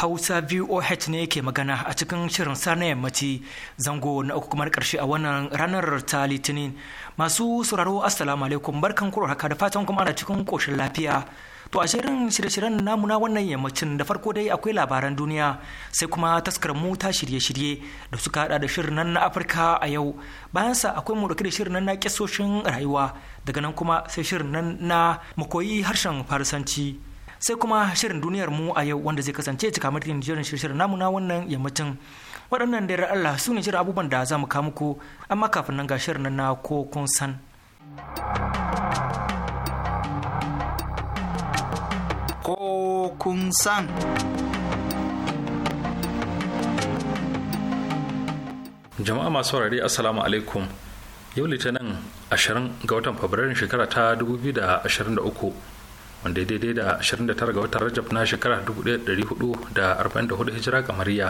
Hausa VOH ne ke magana a cikin shirin sana yammaci zango na uku kamar karshe a wannan ranar ta Litinin. Masu sauraro Assalamu alaikum barkan kuro haka da fatan kuma ana cikin koshin lafiya. To a shirin shirye-shiryen namu na wannan yammacin da farko dai akwai labaran duniya sai kuma taskar mu ta shirye-shirye da suka hada da shirin nan na Afirka a yau. Bayan sa akwai mu dauke da shirin nan na kisoshin rayuwa daga nan kuma sai shirin nan na makoyi harshen Farsanci. sai kuma shirin duniyar mu a yau wanda zai kasance cika mutum shirin shirin namu na wannan yammacin waɗannan da Allah su ne shirin abubuwan da za mu kamu ko amma kafin nan ga shirin na ko kun san ko kun san jama'a masu saurari assalamu alaikum yau litinin 20 ga watan fabrairun shekara ta 2023 wanda daidai da 29 ga watan rajab na shekara 1444 hijira kamariya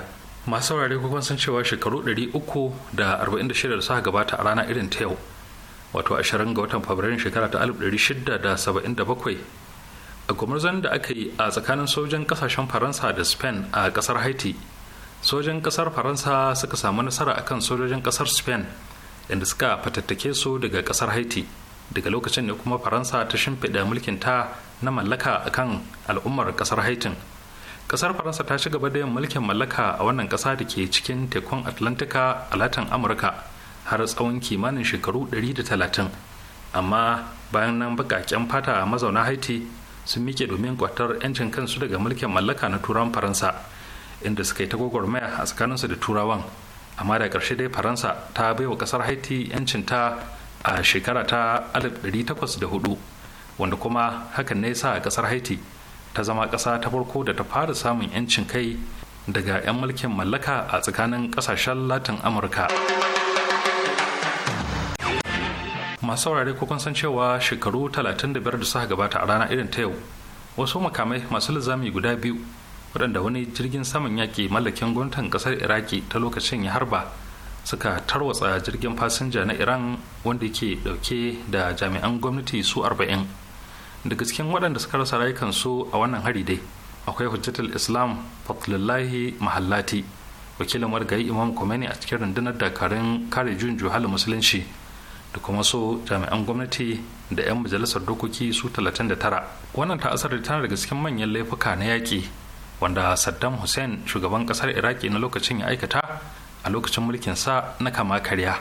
masu saurare kuma sun cewa shekaru 346 da suka gabata a rana irin ta yau wato 20 ga watan fabrairun shekara ta 1677 a gumurzan da aka yi a tsakanin sojan kasashen faransa da spain a kasar haiti sojan kasar faransa suka samu nasara akan sojojin kasar spain inda suka fatattake su daga kasar haiti daga lokacin ne kuma faransa ta shimfiɗa mulkin ta na mallaka a kan al'ummar kasar haitin kasar faransa ta shiga gaba da yin mulkin mallaka a wannan kasa da ke cikin tekun atlantika a latin amurka har tsawon kimanin shekaru 130 amma bayan nan bakaken fata mazauna haiti sun mike domin kwatar 'yancin kansu daga mulkin mallaka na turan faransa inda suka yi ta gwagwarmaya a tsakaninsu da turawan amma da ƙarshe dai faransa ta baiwa ƙasar haiti 'yancin ta a shekara ta 1804 wanda kuma hakan ne sa a kasar haiti ta zama kasa ta farko da ta fara samun 'yancin kai daga 'yan mulkin mallaka a tsakanin kasashen latin amurka masu saurare ko san cewa shekaru 35 da suka gabata a rana irin ta yau wasu makamai masu lizami guda biyu waɗanda wani jirgin saman yaƙi mallakin gwamnatin ƙasar iraki ta lokacin ya harba suka tarwatsa jirgin fasinja na iran wanda ke ɗauke da jami'an gwamnati su arba'in. daga cikin waɗanda suka rasa rayukansu a wannan hari dai akwai hujjatul islam fatlullahi mahallati wakilin wargayi imam khomeini a cikin rundunar dakarun kare jun juhal musulunci da kuma so jami'an gwamnati da 'yan majalisar dokoki su 39 wannan ta ta'asar tana daga cikin manyan laifuka na yaƙi wanda saddam hussein shugaban ƙasar iraki na lokacin ya aikata a lokacin mulkin sa na kama karya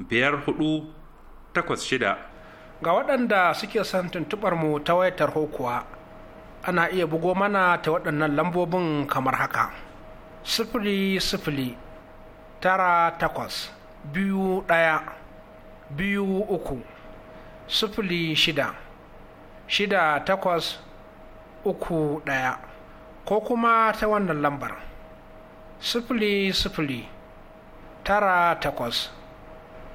biyar hudu takwas shida ga waɗanda suke son tuntuɓarmu mu ta wayar kuwa ana iya bugo mana ta waɗannan lambobin kamar haka sifili sifili tara takwas biyu ɗaya biyu uku sifili shida shida takwas uku ɗaya ko kuma ta wannan lambar sifili sifili tara takwas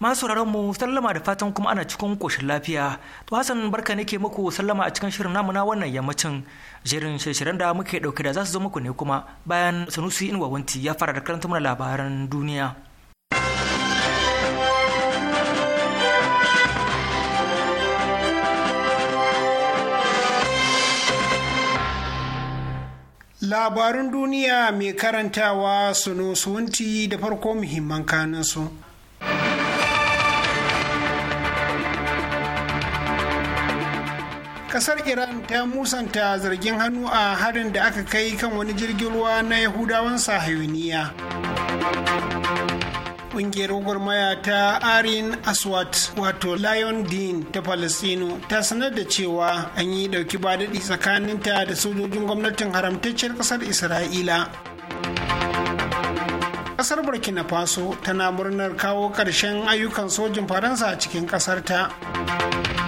masu mu sallama da fatan kuma ana cikin koshin lafiya to hassan barka nake muku sallama a cikin shirin namuna wannan yammacin jerin shirin da muke dauke da za zo muku ne kuma bayan sanusi in wawanti ya fara da karanta mana labaran duniya Labarun duniya mai karantawa sunusunti da farko muhimman kanunsu. kasar iran ta musanta zargin hannu a harin da aka kai kan wani jirgin ruwa na yahudawan sahayuniya kungiyar gwagwarmaya ta arin aswat wato lion din ta palestino ta sanar da cewa an yi dauki badadi tsakaninta da sojojin gwamnatin haramtacciyar kasar isra'ila kasar burkina faso tana murnar kawo ƙarshen ayyukan sojin faransa a cikin ƙasarta. ta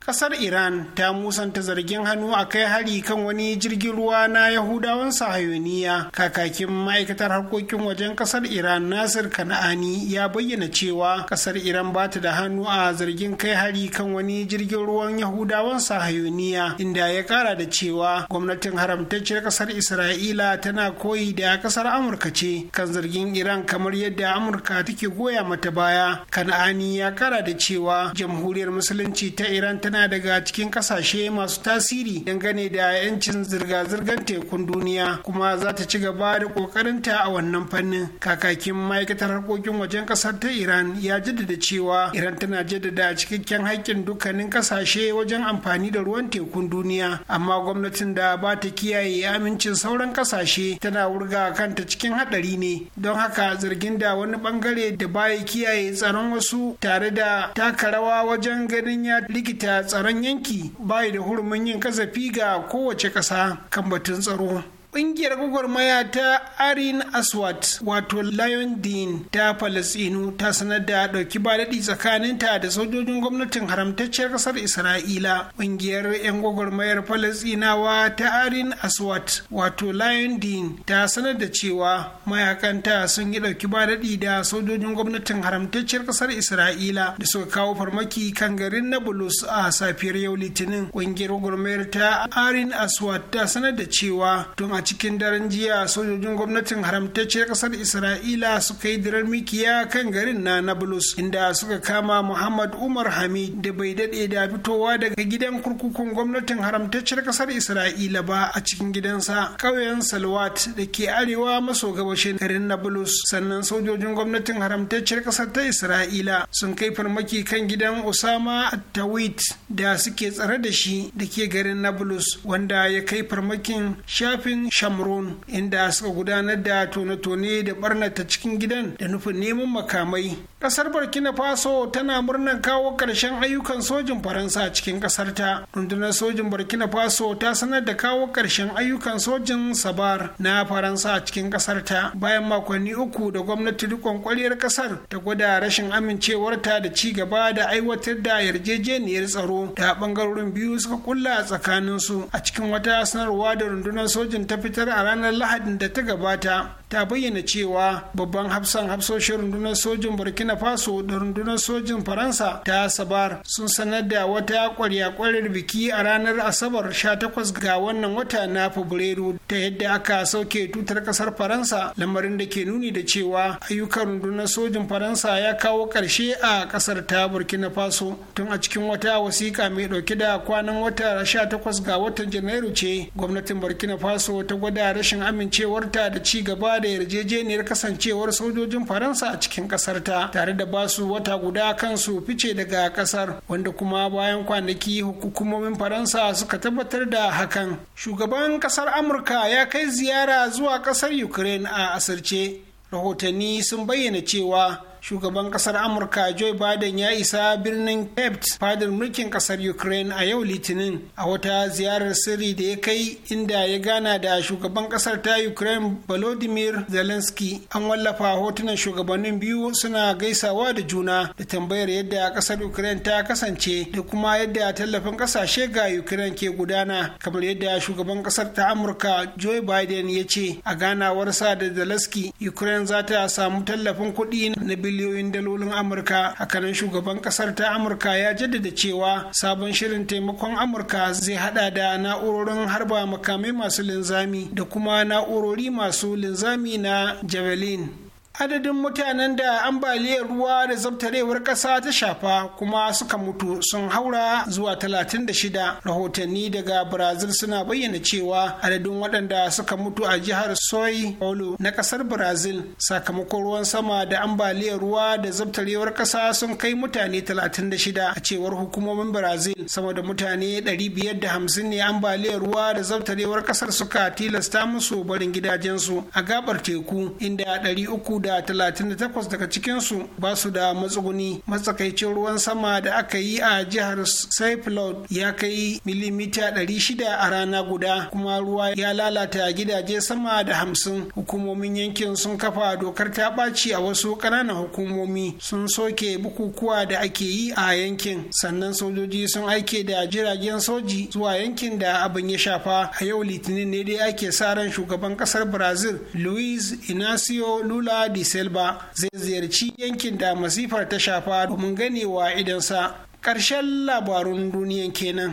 Kasar Iran ta musanta zargin hannu a kai hari kan wani jirgin ruwa na Yahudawan sahayoniya. Kakakin ma'aikatar harkokin wajen kasar Iran Nasir Kana'ani ya bayyana cewa kasar Iran ba ta da hannu a zargin kai hari kan wani jirgin ruwan Yahudawan sahayoniya inda ya kara da cewa gwamnatin haramtacciyar kasar Isra'ila tana koyi da kasar Amurka ce kan zargin Iran kamar yadda Amurka take goya mata baya. Kana'ani ya kara da cewa jamhuriyar musulunci ta Iran ta tana daga cikin kasashe masu tasiri dangane da 'yancin zirga-zirgar tekun duniya kuma za ta ci gaba da kokarinta a wannan fannin kakakin ma'aikatar harkokin wajen kasar ta iran ya jaddada cewa iran tana jaddada cikakken haƙƙin dukkanin kasashe wajen amfani da ruwan tekun duniya amma gwamnatin da ba ta kiyaye amincin sauran kasashe tana wurga kanta cikin haɗari ne don haka zargin da wani bangare da baya kiyaye tsaron wasu tare da taka rawa wajen ganin ya likita tsaron yanki bai da hurumin yin kasafi ga kowace ƙasa kan batun tsaro Ƙungiyar gwagwarmaya ta Arin Aswat wato Lion Din ta Falasinu ta sanar da ɗauki baladi tsakaninta da sojojin gwamnatin haramtacciyar ƙasar Isra'ila. Ƙungiyar 'yan gwagwarmayar Falasinawa ta Arin Aswat wato Lion Din ta sanar da cewa mayakanta sun yi ɗauki baladi da sojojin gwamnatin haramtacciyar ƙasar Isra'ila da suka kawo farmaki kan garin Nablus a safiyar yau Litinin. Ƙungiyar gwagwarmayar ta Arin Aswat ta sanar da cewa tun a cikin daren jiya sojojin gwamnatin haramtacciyar kasar isra'ila suka yi dirar mikiya kan garin na nablus inda suka kama muhammad umar hamid da bai daɗe da fitowa daga gidan kurkukun gwamnatin haramtacciyar kasar isra'ila ba a cikin gidansa ƙauyen salwat da ke arewa maso gabashin garin nablus sannan sojojin gwamnatin haramtacciyar kasar ta isra'ila sun kai farmaki kan gidan usama tawit da suke tsare da shi da ke garin nablus wanda ya kai farmakin shafin shamron inda suka gudanar da tone-tone da barnata cikin gidan da nufin neman makamai Ƙasar burkina faso tana murnar kawo ƙarshen ayyukan sojin faransa cikin ƙasarta rundunar sojin burkina faso ta sanar da kawo ƙarshen ayyukan sojin sabar na faransa cikin ƙasarta bayan makonni uku da gwamnati rikon kwaliyar ƙasar ta gwada rashin amincewarta da ci gaba da aiwatar da yarjejeniyar tsaro da bangarorin biyu suka kulla tsakaninsu a cikin wata sanarwa da rundunar sojin ta fitar a ranar lahadin da ta gabata ta bayyana cewa babban hafsan hafsoshin rundunar sojin burkina faso da rundunar sojin faransa ta sabar sun sanar da wata kwarya kwarya biki a ranar asabar 18 ga wannan wata na fabrairu ta yadda aka sauke tutar kasar faransa lamarin da ke nuni da cewa ayyukan rundunar sojin faransa ya kawo ƙarshe a kasar ta burkina faso tun a cikin wata wasiƙa mai ɗauke da kwanan wata 18 ga watan janairu ce gwamnatin burkina faso ta gwada rashin amincewarta da ci gaba da yarjejeniyar kasancewar sojojin faransa a cikin kasar ta tare da ba su wata guda kansu fice daga kasar wanda kuma bayan kwanaki hukumomin faransa suka tabbatar da hakan shugaban kasar amurka ya kai ziyara zuwa kasar ukraine a asirce rahotanni sun bayyana cewa shugaban kasar amurka joe biden ya isa birnin kept fadar mulkin kasar ukraine a yau litinin a wata ziyarar sirri da ya kai inda ya gana da shugaban kasar ta ukraine volodymyr zelensky an wallafa hotunan shugabannin biyu suna gaisawa da juna da tambayar yadda kasar ukraine ta kasance da kuma yadda tallafin kasashe ga ukraine ke gudana kamar yadda shugaban kasar ta amurka joe biden ya ce a ganawarsa da zelensky ukraine za ta samu tallafin kuɗi na biliyoyin dalolin amurka hakanan shugaban kasar ta amurka ya jaddada cewa sabon shirin taimakon amurka zai hada da na'urorin harba makamai masu linzami da kuma na'urori masu linzami na javelin adadin mutanen da ambaliyar ruwa da zabtarewar ƙasa ta shafa kuma suka mutu sun haura zuwa 36 rahotanni daga brazil suna bayyana cewa adadin waɗanda suka mutu a jihar soy paulo na ƙasar brazil sakamakon ruwan sama da ambaliyar ruwa da zabtarewar ƙasa sun kai mutane 36 a cewar hukumomin brazil sama da mutane 550 ne ambaliyar ruwa da zabtarewar ƙasar suka tilasta musu barin gidajensu a gabar teku inda 300 da 38 daga cikinsu ba su da matsuguni matsakaicin ruwan sama da aka yi a jihar Cyclone ya kai milimita shida a rana guda kuma ruwa ya lalata gidaje sama da hamsin hukumomin yankin sun kafa dokar ta ɓaci a wasu ƙananan hukumomi sun soke bukukuwa da ake yi a yankin sannan sojoji sun aike da jiragen soji zuwa yankin da abin ya shafa a yau litinin ne dai ake sa ran shugaban ƙasar brazil luis inacio lula di Silva zai ziyarci yankin da masifar ta shafa domin ganewa idansa. karshen labarun duniyan kenan.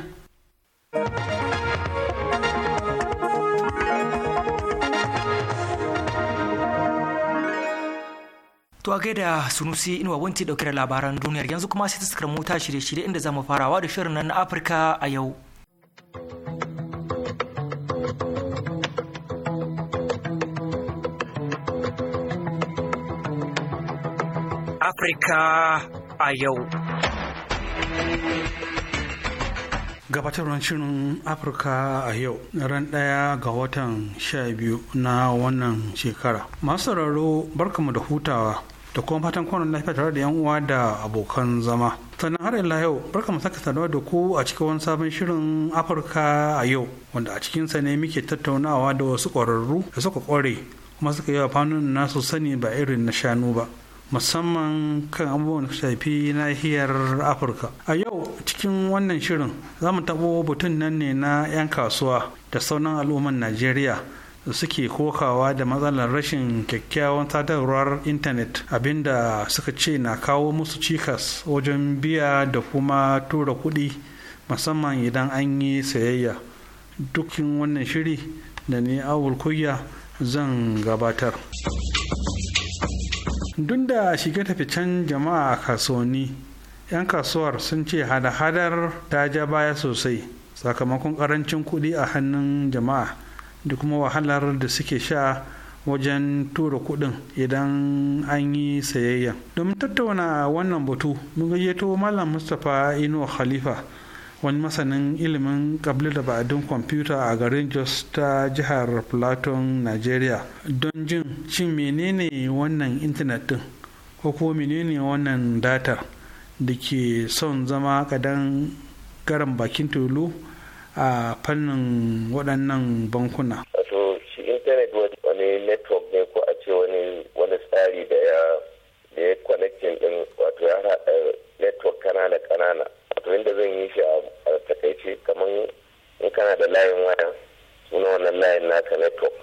To a gaida Sunusi inuwa wanti dauke da labaran duniyar yanzu kuma sai ta sakar mota shirye-shirye inda zamu farawa da shirin nan na Afirka a yau. Afirka a yau. gabatarwar shirin afirka a yau ran ɗaya ga watan sha biyu na wannan shekara masu sauraro barkamu da hutawa da kuma fatan kwanan lafiya tare da yan uwa da abokan zama sannan har ila yau barkamu saka saduwa da ku a cikin wani sabon shirin afirka a yau wanda a cikinsa ne muke tattaunawa da wasu ƙwararru da suka ƙware kuma suka yi wa fannin nasu sani ba irin na shanu ba musamman kan abubuwan da shafi nahiyar afirka a yau cikin wannan shirin za mu taɓo batun nan ne na 'yan kasuwa da saunan al'umman najeriya da suke kokawa da matsalar rashin kyakkyawan sadarwar intanet abinda suka ce na kawo musu cikas wajen biya da kuma tura kuɗi musamman idan an yi sayayya dukkan wannan shiri da ni awul kuya zan gabatar. duk da shige taficen jama'a a kasuwanni 'yan kasuwar sun ce hada-hadar ta ja baya sosai sakamakon karancin kuɗi a hannun jama'a da kuma wahalar da suke sha wajen tura kuɗin idan an yi sayayya domin tattauna wannan batu mun gayyato malam mustapha ino khalifa wani masanin ilimin kabli da ba'adin kwamfuta a garin jos ta jihar platon nigeria don jin shin menene wannan intanet din ko kuma menene wannan data da ke son zama kadan garan bakin tulu a fannin waɗannan bankuna intanet wani ne ko a tsari da ya wato ya haɗa ƙanana eh, ƙanana. abin da zan yi shi a takaice kamar in kana da layin waya suna wannan layin naka network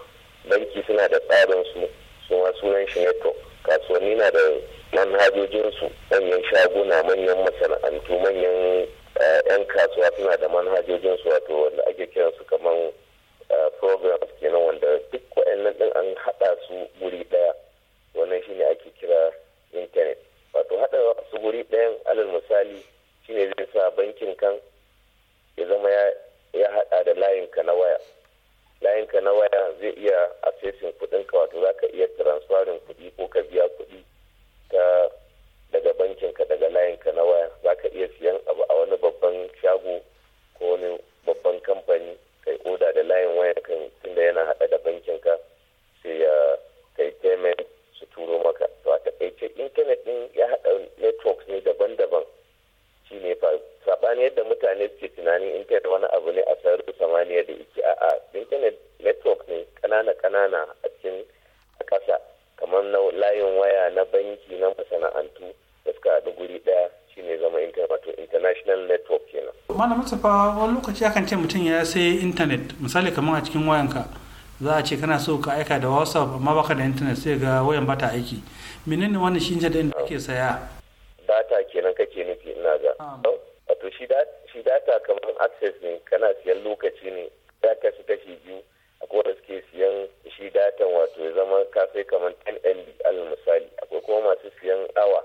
banki suna da tsarin su suma sunan shi network kasuwanni na da manhajojinsu manyan shaguna manyan masana'antu manyan eh, yan kasuwa suna da su wato wanda ake kiran su kamar eh, program kenan wanda duk wa'annan din an haɗa su guri ɗaya wannan shine ake kira internet wato haɗa su guri ɗaya alal misali shine zai sa bankin kan ya zama ya hada da layinka na waya layinka na waya zai iya accessing kuɗinka wato za ka iya transferring kudi ko ka biya kudi ta daga ka daga layinka na waya za ka iya siyan abu a wani babban shago ko wani babban kamfani kai oda da layin waya kan tunda yana hada da bankin ka sai ya kai payment su turo maka to a takaice internet din ya hada networks ne daban-daban shi ne fa sabani yadda mutane suke tunanin intanet wani abu ne a sayar da samaniya da a a intanet network ne kanana-kanana a cikin kasa kamar na layin waya na banki na masana'antu da suka haɗu guri ɗaya shine zama intanet international network kenan. malam mustapha wani lokaci akan ce mutum ya sai intanet misali kamar a cikin wayanka za a ce kana so ka aika da whatsapp amma baka da intanet sai ga wayan bata aiki menene wani shi da ake saya shi data kamar access ne kana siyan lokaci ne ya kashi kashi biyu a wanda suke siyan shi datan wato ya zama ka sai kamar 10 mb alal misali akwai kuma masu siyan awa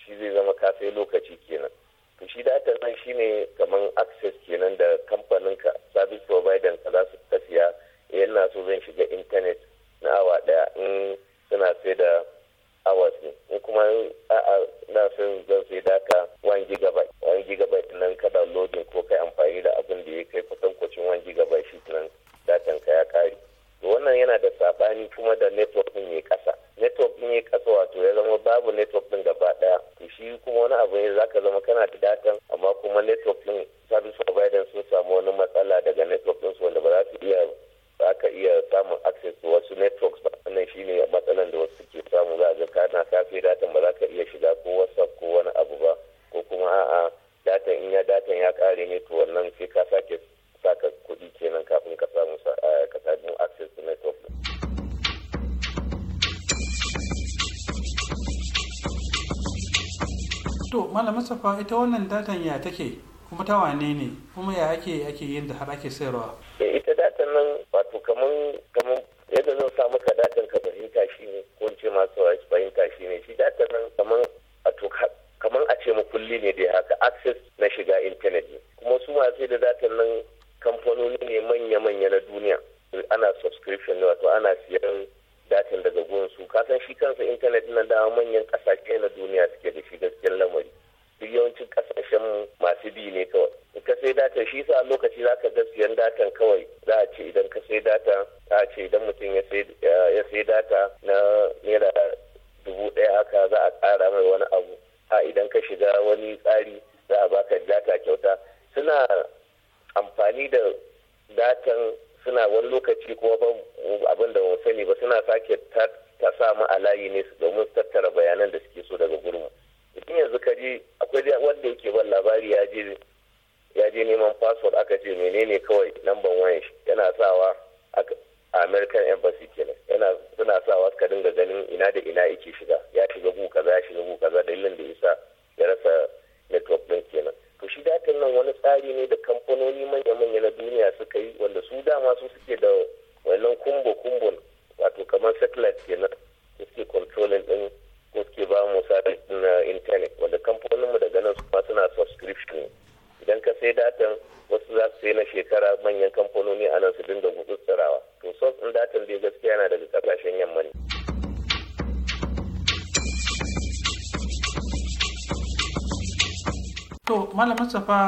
shi zai zama ka sai lokaci kenan to shi data nan ne kamar access kenan da kamfaninka service provider ka za su kasiya siya yana eh so zan shiga internet na awa daya in suna sai da hours ne in kuma a'a na son zan sai ka 1 gigabyte 1 gigabyte nan ka lodin ko kai amfani da abin da ya kai kusan kwacin 1 gigabyte shi nan datan ka ya kare wannan yana da sabani kuma da network din ya kasa network din ya kasa wato ya zama babu network din gaba daya to shi kuma wani abu ne zaka zama kana da datan amma kuma network din service provider sun samu wani matsala daga network din su wanda ba za su iya ba ka iya samun access to wasu networks ba wannan shine matsalan da wasu ke samu za a ga kana kafe datan ba za ka iya shiga ko whatsapp ko wani abu ba ko kuma a'a datan in ya datan ya kare ne to wannan sai ka sake saka kuɗi kenan kafin ka samu eh, ka samu access to network to malamin safa ita wannan datan ya take kuma ta wane ne kuma ya ake ake yin da har ake sayarwa eh, karatun nan wato kamar yadda zan sa maka datan ka fahimta shi ne ko ce masu fahimta shi ne shi datan nan a wato kamar a ce makulli ne dai haka access na shiga intanet ne kuma su masu da datan nan kamfanoni ne manya-manya na duniya ana subscription ne wato ana siyan datan daga gonsu kasan shi kansa intanet na da manyan kasashe na duniya suke da shi gaskiyar lamari duk yawancin kasashen masu bi ne kawai in ka sai data shi sa lokaci za ka siyan datan kawai za a ce idan ka sai data za a ce idan mutum ya sai eh, data na naira dubu daya haka za a ƙara mai wani abu a idan ka shiga wani tsari za a baka data kyauta suna amfani da datan suna wani lokaci kuma ba abin da sani ba suna sake ta sa mu a layi ne domin tattara bayanan da suke so daga gurin in yanzu ka je akwai wanda yake ban labari ya je ya je neman fasfot aka ce menene kawai namban wayan shi yana sawa a american embassy kenan yana suna sawa suka dinga ganin ina da ina yake shiga ya shiga gu kaza ya shiga gu kaza dalilin da yasa ya rasa network din kenan to shi datin nan wani tsari ne da kamfanoni manya-manya na duniya suka yi wanda su dama su suke da wannan kumbo kumbon wato kamar satellite kenan da suke controlling din da ba mu service na intanet wanda kamfanin mu daga nan su ma suna subscription idan ka sai datan wasu za su sai na shekara manyan kamfanoni a nan su dinga gutsutsurawa to sos din datan bai gaskiya yana daga kasashen yamma ne. To Malam Mustapha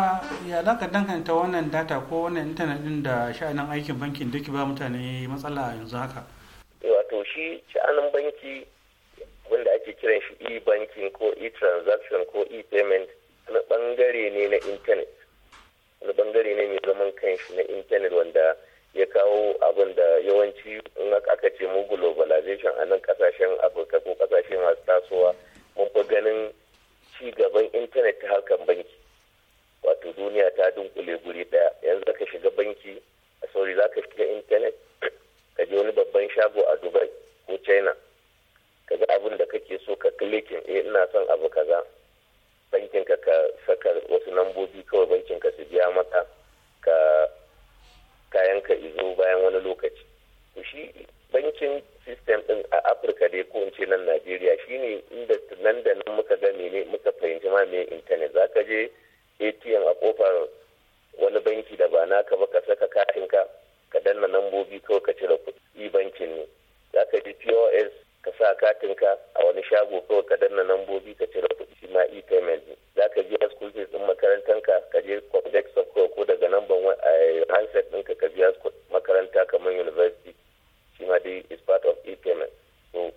ya za danganta wannan data ko wannan intanet din da sha'anin aikin bankin duk ba mutane matsala yanzu haka? Wato shi sha'anin banki wanda ake kiran shi e-banking ko e-transaction ko e-payment wani bangare ne na intanet wani bangare ne mai zaman shi na intanet wanda ya kawo abin da yawanci in aka ce mu globalization a nan kasashen afirka ko kasashe masu tasowa mun fi ganin ci gaban intanet ta harkar banki wato duniya ta dunkule guri daya yanzu ka shiga banki a sauri zaka ka shiga intanet ka je wani babban shago a dubai ko china ka ga abin da kake so ka klikin eh ina son abu kaza bankin ka ka saka wasu lambobi kawai bankin ka su biya maka ka kayan ka izo bayan wani lokaci to shi bankin system din a Afirka dai ko in ce nan Najeriya shine inda nan da nan muka ga mene muka fahimci ma me internet zaka je ATM a kofar wani banki da ba naka ba ka saka katin ka ka danna lambobi kawai ka cire kuɗi bankin ne zaka je POS ka sa ka a wani shago kawai ka danna lambobi ka cire kuɗi shi ma e-payment ne za ka biya school fees din makarantar ka je complex of ko daga a handset ɗinka ka biya makaranta kamar university shi ma dai is part of e-payment so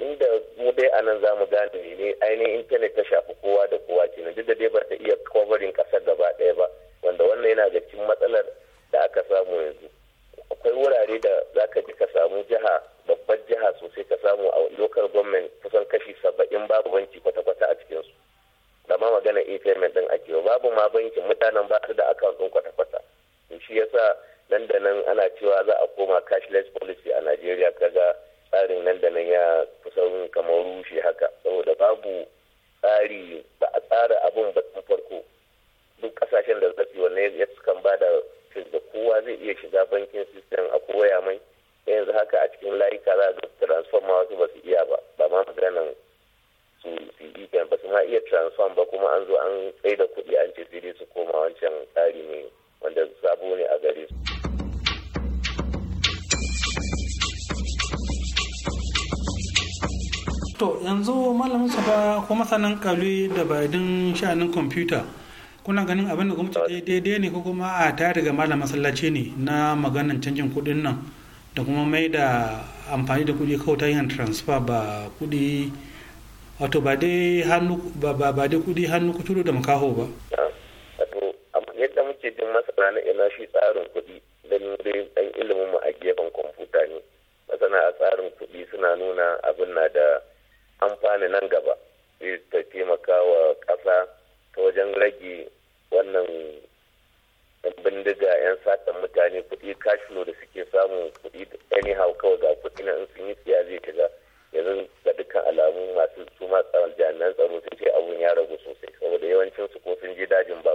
inda mu dai a nan za mu gane ne ainihin internet ta shafi kowa da kowa kenan duk da dai ba ta iya covering ƙasar gaba ɗaya ba wanda wannan yana da cikin matsalar da aka samu yanzu akwai wurare da za ka ji ka samu jiha babbar jiha sosai ka samu a local government kusan kashi saba'in babu banki kwata-kwata a cikinsu da ma magana e-payment din ake babu ma bankin mutanen ba su da account din kwata-kwata shi yasa nan da nan ana cewa za a koma cashless policy a Najeriya kaga tsarin nan da nan ya kusan kamar rushe haka saboda babu tsari ba a tsara abun ba tun farko duk kasashen da zafi wannan ya kan ba da da kowa zai iya shiga bankin system a koya mai yanzu haka a cikin layuka za ga transformer wasu ba su iya ba ba ma maganan su cd kan ba su ma iya transform ba kuma an zo an tsaye da kuɗi an ce cd su koma wancan tsari ne wanda sabo ne a gare su. to yanzu malamin su ba ko masanin kalli da bayan sha'anin kwamfuta kuna ganin abin da gwamnati daidai ne ko kuma a ta daga malamin masallaci ne na maganan canjin kuɗin nan da kuma mai da amfani da kuɗi kawai ta yin transfer ba kuɗi wato ba dai hannu ba dai kuɗi hannu kuturu da makaho ba. yadda muke jin masana na ina shi tsarin kuɗi don dai dan ilimin mu a gefen kwamfuta ne masana a tsarin kuɗi suna nuna abin na da amfani nan gaba zai ta taimaka wa ƙasa ta wajen rage wannan bindiga yan satan mutane kuɗi kashino da suke samun kuɗi anyhow kawai ga kuɗi na in sun yi tsiya zai shiga yanzu ga dukkan alamu masu su ma jami'an tsaro sun ce abun ya ragu sosai saboda yawancin su ko sun je dajin ba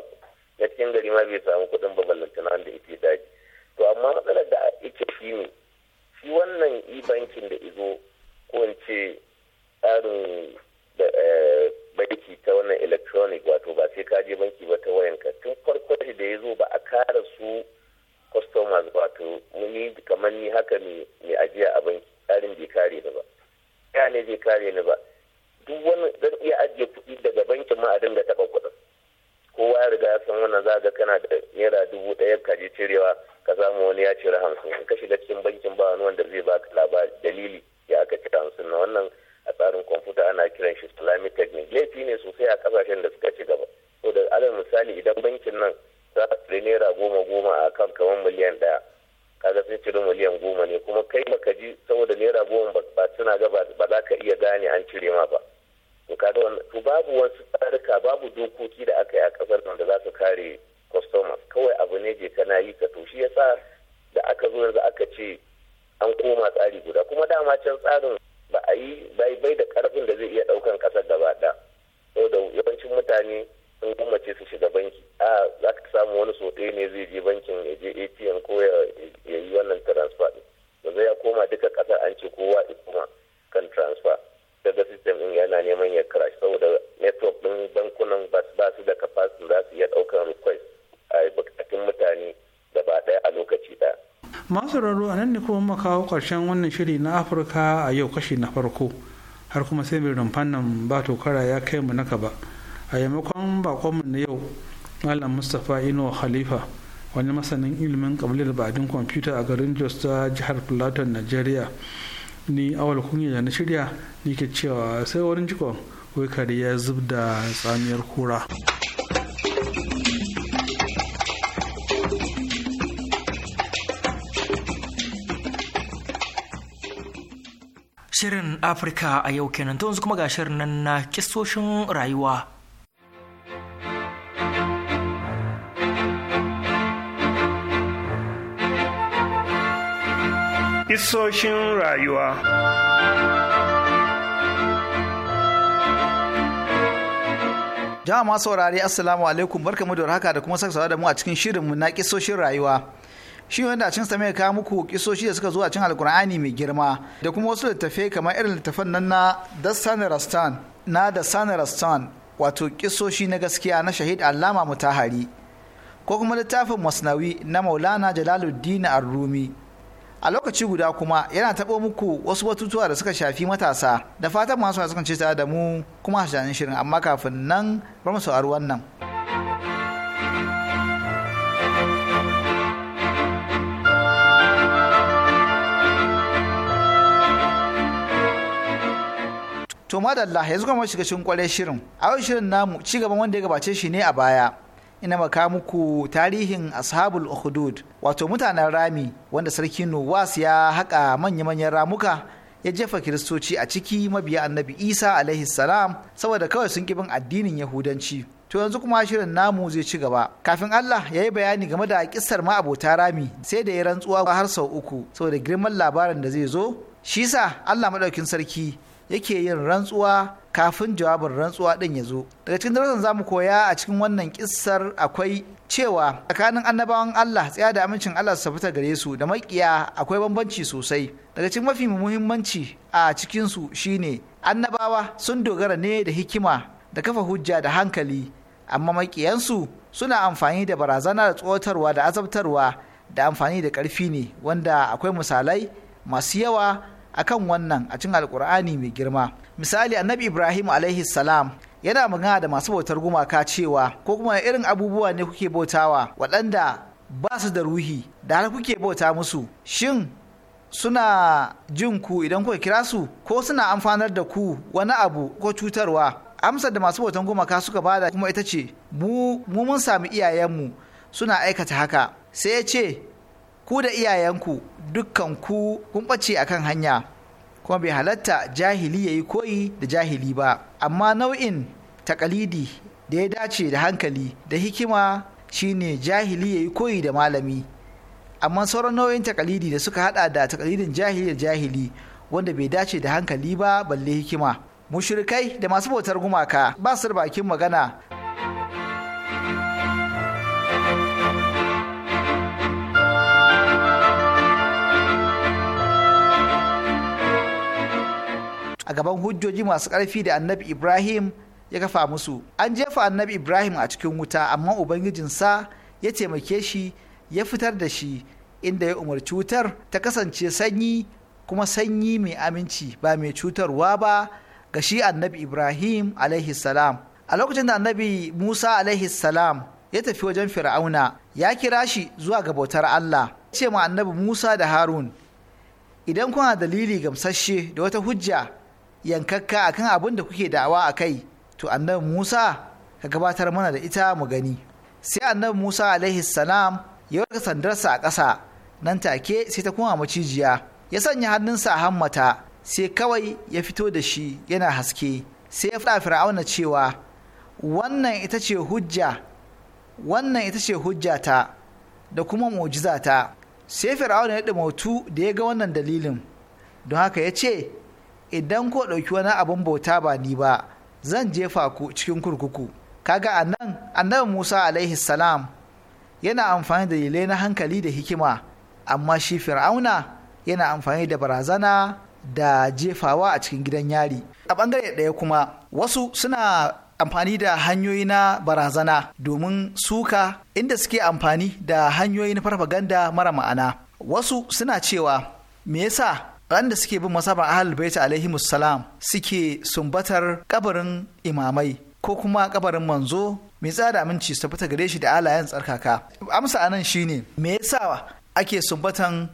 na cikin gari ma bai samu kuɗin ba ballantana wanda ita daji to amma matsalar da ita shi ne shi wannan e-bankin da izo ko in ce tsarin da eh, banki ta wannan electronic wato ba sai ka je banki ba ta wayan ka tun farko da ya zo ba a kara su customers wato muni kamar ni haka mai ajiya a banki tsarin bai kare ni ba ya ne bai kare ni ba duk wani zan iya ajiye kuɗi daga bankin ma a dinga taɓa kuɗin kowa ya riga ya san wannan za ga kana da naira dubu ɗaya ka je cirewa ka samu wani ya cire hamsin ka shiga cikin bankin ba wani wanda zai baka labari dalili ya aka cire hamsin na wannan a tsarin kwamfuta ana kiran shi islamic technique laifi ne sosai a kasashen da suka ci gaba to da alal misali idan bankin nan za su cire naira goma goma a kan kamar miliyan daya kaga sun cire miliyan goma ne kuma kai baka ji saboda naira goma ba suna gaba ba za ka iya gane an cire ma ba kaga to babu wasu tsarika babu dokoki da aka yi a kasar nan da za su kare customers kawai abu ne je kana yi ka to shi yasa da aka zo yanzu aka ce an koma tsari guda kuma dama can tsarin a yi bai da karfin da zai iya daukan kasar gaba da da yawancin mutane sun gummace su shiga banki a za ka samu wani so ne zai je bankin ya je atm ko ya yi wannan transfer yanzu ya koma duka kasar an ce kowa kuma kan transfer daga system ɗin yana neman ya crash saboda network din bankunan ba su da capacity za su iya daukan request a bukatun mutane gaba daya a lokaci daya masu raro a nan ne kuma kawo karshen wannan shiri na afirka a yau kashi na farko har kuma sai mai rumfan nan ba tokara ya kai mu na ba a yammakon bakonmu na yau malam mustapha ino khalifa wani masanin ilimin kabilar ba'adin kwamfuta a garin jos ta jihar plateau nigeria ni awal kunya da na shirya ni ke cewa sai wani jikon wai kare ya zub da tsamiyar kura. Shirin Afirka a yau kenan ta yanzu kuma ga shirin nan na kisoshin rayuwa. Kisoshin rayuwa Jama'a saurari Assalamu alaikum barkamu da haka da kuma saka da mu a cikin shirinmu na kisoshin rayuwa. shi wanda cin sa ka kawo muku kisoshi da suka zo a cin alkur'ani mai girma da kuma wasu littattafai kamar irin littattafan nan na Dastan Rastan na Dastan Rastan wato kisoshi na gaskiya na Shahid Allama Mutahari ko kuma littafin Masnawi na Maulana Jalaluddin Ar-Rumi a lokaci guda kuma yana taɓo muku wasu batutuwa da suka shafi matasa da fatan masu sukan ce da mu kuma hasashen shirin amma kafin nan bar mu saurari wannan. to madalla yanzu kuma shiga cikin kwarai shirin a yau shirin namu ci gaban wanda ya gabace shi ne a baya ina maka muku tarihin ashabul hudud. wato mutanen rami wanda sarki nuwas ya haƙa manya-manyan ramuka ya jefa kiristoci a ciki mabiya annabi isa alaihi salam saboda kawai sun bin addinin yahudanci to yanzu kuma shirin namu zai ci gaba kafin allah ya yi bayani game da kisar ma abota rami sai da ya rantsuwa har sau uku saboda girman labarin da zai zo shi sa allah maɗaukin sarki yake yin rantsuwa kafin jawabin rantsuwa ɗin ya zo daga cikin darasin zamu koya a cikin wannan kissar akwai cewa tsakanin annabawan Allah tsaya da amincin Allah su fita gare su da maƙiya akwai bambanci sosai daga cikin mafi muhimmanci a cikin su shine annabawa sun dogara ne da hikima da kafa hujja da hankali amma maƙiyansu suna amfani da barazana da tsotarwa da azabtarwa da amfani da ƙarfi ne wanda akwai misalai masu yawa akan wannan a cikin alkur'ani mai girma misali annabi ibrahim alaihi salam yana magana da masu bautar gumaka cewa ko kuma irin abubuwa ne kuke bautawa waɗanda ba su da ruhi da har kuke bauta musu shin suna jin ku idan kuka kira su ko suna amfanar da ku wani abu ko cutarwa amsar da masu bautan gumaka suka bada kuma ita ce mu mun sami iyayenmu suna aikata haka sai ya ce ku da iyayenku dukkan ku kun ɓace kan hanya kuma bai halatta jahili ya yi koyi da jahili ba amma nau'in takalidi da ya dace da hankali da hikima shine jahili ya yi koyi da malami amma sauran nau'in takalidi da suka hada da takalidin jahili da jahili wanda bai dace da hankali ba balle hikima Mushirikai da masu bautar gumaka ba su da bakin magana a gaban hujjoji masu ƙarfi da annabi ibrahim ya kafa musu an jefa annabi ibrahim a cikin wuta amma ubangijinsa ya taimake shi ya fitar da shi inda ya umarci wutar ta kasance sanyi kuma sanyi mai aminci ba mai cutarwa ba ga shi annabi ibrahim alaihi salam a lokacin da annabi musa alaihi salam ya tafi wajen fir'auna ya kira shi zuwa ga bautar allah ce ma annabi musa da harun idan kuna dalili gamsasshe da wata hujja yankakka akan abin da kuke da'awa a kai to annabi musa ka gabatar mana da ita mu gani sai annabi musa alaihi salam ya warka sandarsa a ƙasa nan take sai ta kuma macijiya ya sanya hannunsa a hammata sai kawai ya fito da shi yana haske sai ya faɗa fir'auna cewa wannan ita ce hujja wannan ita ce hujjata da kuma mu'jizata sai fir'auna ya ɗumautu da ya ga wannan dalilin don haka ya ce idan ko ɗauki wani abin bauta ba ni ba zan jefa ku cikin kurkuku kaga anan annabi Musa alaihi salam yana amfani da dalilai na hankali da hikima amma shi fir'auna yana amfani da barazana da jefawa a cikin gidan yari a bangare ɗaya kuma wasu suna amfani da hanyoyi na barazana domin suka inda suke amfani da hanyoyi na farfaganda mara ma'ana wasu suna cewa me yasa waɗanda suke bin masaba ahal baita alaihi salam suke sumbatar kabarin imamai ko kuma kabarin manzo mai tsada aminci su fita gare shi da alayen tsarkaka amsa anan shine me yasa ake sumbatan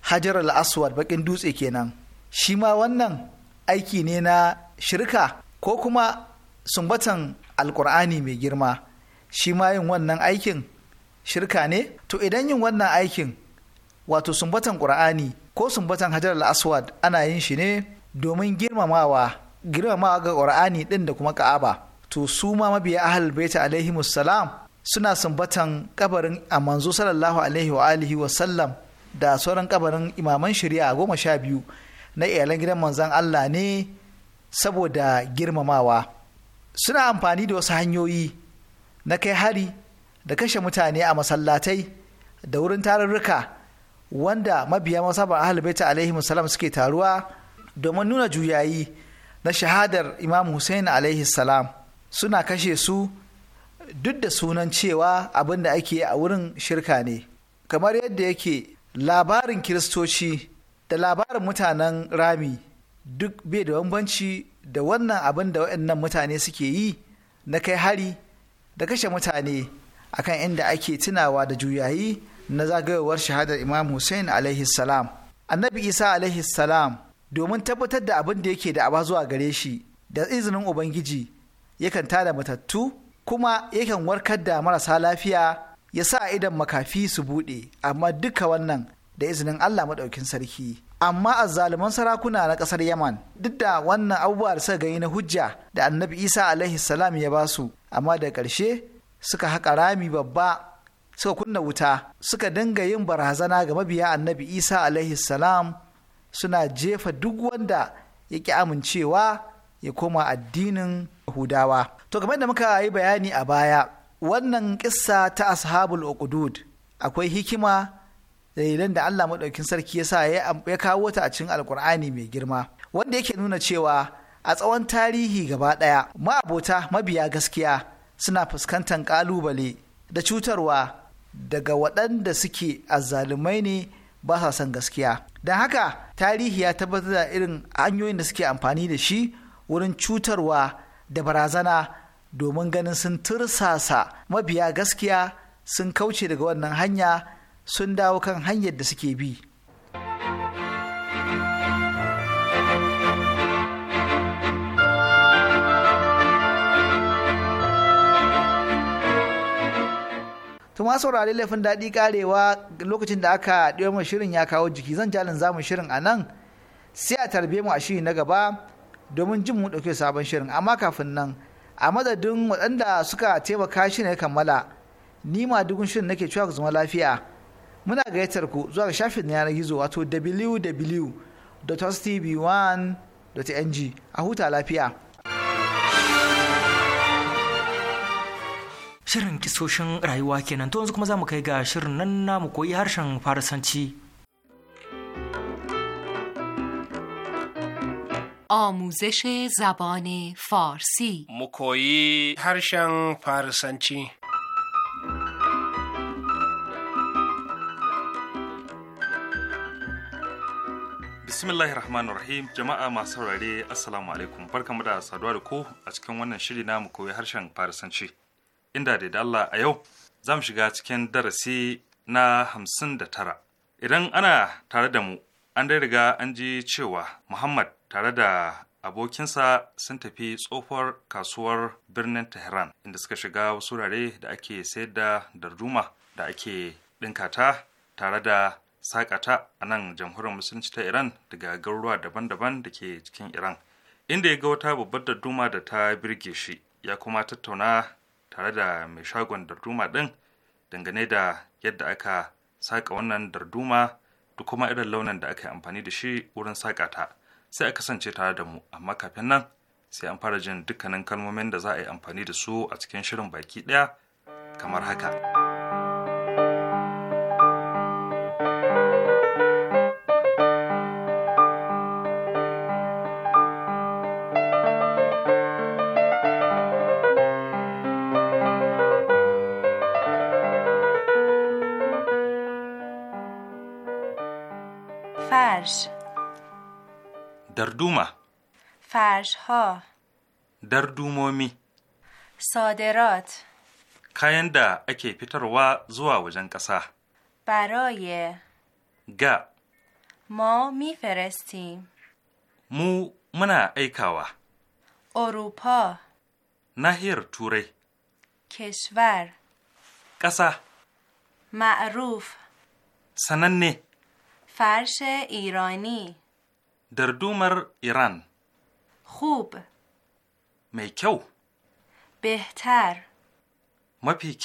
hajar al-aswad bakin dutse kenan shi ma wannan aiki ne na shirka ko kuma sumbatan alkur'ani mai girma shi ma yin wannan aikin shirka ne to idan yin wannan aikin wato sumbatan ƙur'ani ko sumbatan hajar al-aswad ana yin shi ne domin girmamawa girmamawa ga qur'ani din da kuma ka'aba to su ma mabiya ahlul baita alaihi salam suna sumbatan kabarin a manzo sallallahu alaihi wa alihi wa sallam da sauran kabarin imaman shari'a goma sha biyu na iyalan gidan manzon Allah ne saboda girmamawa suna amfani da wasu hanyoyi na kai hari da kashe mutane a masallatai da wurin tarurruka wanda mabiya masabar ahal baita alaihi salam suke taruwa domin nuna juyayi na shahadar imam hussein alaihi salam suna kashe su duk da sunan cewa abin da ake a wurin shirka ne kamar yadda yake labarin kiristoci da labarin mutanen rami duk bai da bambanci da wannan abin da waɗannan mutane suke yi na kai hari da kashe mutane akan inda ake tunawa da juyayi na zagayowar shahadar imam hussein alaihi salam annabi isa alaihi salam domin tabbatar da abin da yake da aba zuwa gare shi da izinin ubangiji yakan tada matattu kuma yakan warkar da marasa lafiya ya sa idan makafi su buɗe amma duka wannan da izinin allah maɗaukin sarki amma azzaluman sarakuna na ƙasar yaman duk da wannan abubuwa da suka gani na hujja da annabi isa alaihi salam ya basu amma da ƙarshe suka haƙa rami babba suka kunna wuta suka dinga yin barazana ga mabiya annabi isa alaihi salam suna jefa duk wanda ya ki amincewa ya koma addinin hudawa to game da muka yi bayani a baya wannan kissa ta ashabul uqdud akwai hikima dalilan da Allah maɗaukin sarki yasa ya kawo ta a cikin alkur'ani mai girma wanda yake nuna cewa a tsawon tarihi gaba ɗaya ma'abota mabiya gaskiya suna fuskantar ƙalubale da cutarwa daga waɗanda suke azzalumai ne ba sa son gaskiya don haka tarihi ya tabbatar da irin hanyoyin da suke amfani da shi wurin cutarwa da barazana domin ganin sun tursasa mabiya gaskiya sun kauce daga wannan hanya sun dawo kan hanyar da suke bi tuma saurari laifin daɗi karewa lokacin da aka ɗiyo mu shirin ya kawo jiki zan jalin zamu shirin a nan sai a tarbe mu a shiri na gaba domin jin mu ɗauke sabon shirin amma kafin nan a madadin waɗanda suka taimaka shi ne kammala ni ma dugun shirin nake cewa ku zama lafiya muna gayyatar ku zuwa ga shafin yanar gizo wato www.tv1.ng a huta lafiya. Shirin kisoshin rayuwa kenan to yanzu kuma za mu kai ga shirin nan namu koyi harshen Farisanci. آموزش زبان فارسی مکویی هرشن فارسنچی bismillahir rahim jama'a masu saurare assalamu alaikum barkamu da saduwa da ku a cikin wannan shiri na mu koyi harshen farisanci inda da Allah a yau za mu shiga cikin darasi na hamsin da tara. Idan ana tare da mu, an dai riga an ji cewa Muhammad tare da abokinsa sun tafi tsofar kasuwar birnin Tehran inda suka shiga wasu wurare da ake sayar da darduma da ake ɗinkata tare da sakata a nan jamhuriyar musulunci ta Iran daga garuruwa daban-daban da ke cikin Iran. Inda ya ga wata babbar darduma da ta birge shi ya kuma tattauna tare da mai shagon darduma ɗin dangane da yadda aka saƙa wannan darduma da kuma irin launin da aka yi amfani da shi wurin saƙa ta sai a kasance tare da mu amma kafin nan sai an fara jin dukkanin kalmomin da za a yi amfani da su a cikin shirin baki ɗaya kamar haka. در دوما فرش ها در دومومی صادرات کاین دا اکی پیتر و زوا و کسا برای گا ما میفرستیم مو منا ایکاوا اروپا نهیر توره کشور کسا معروف سننه فرش ایرانی دردومر ایران خوب میکو بهتر ما پی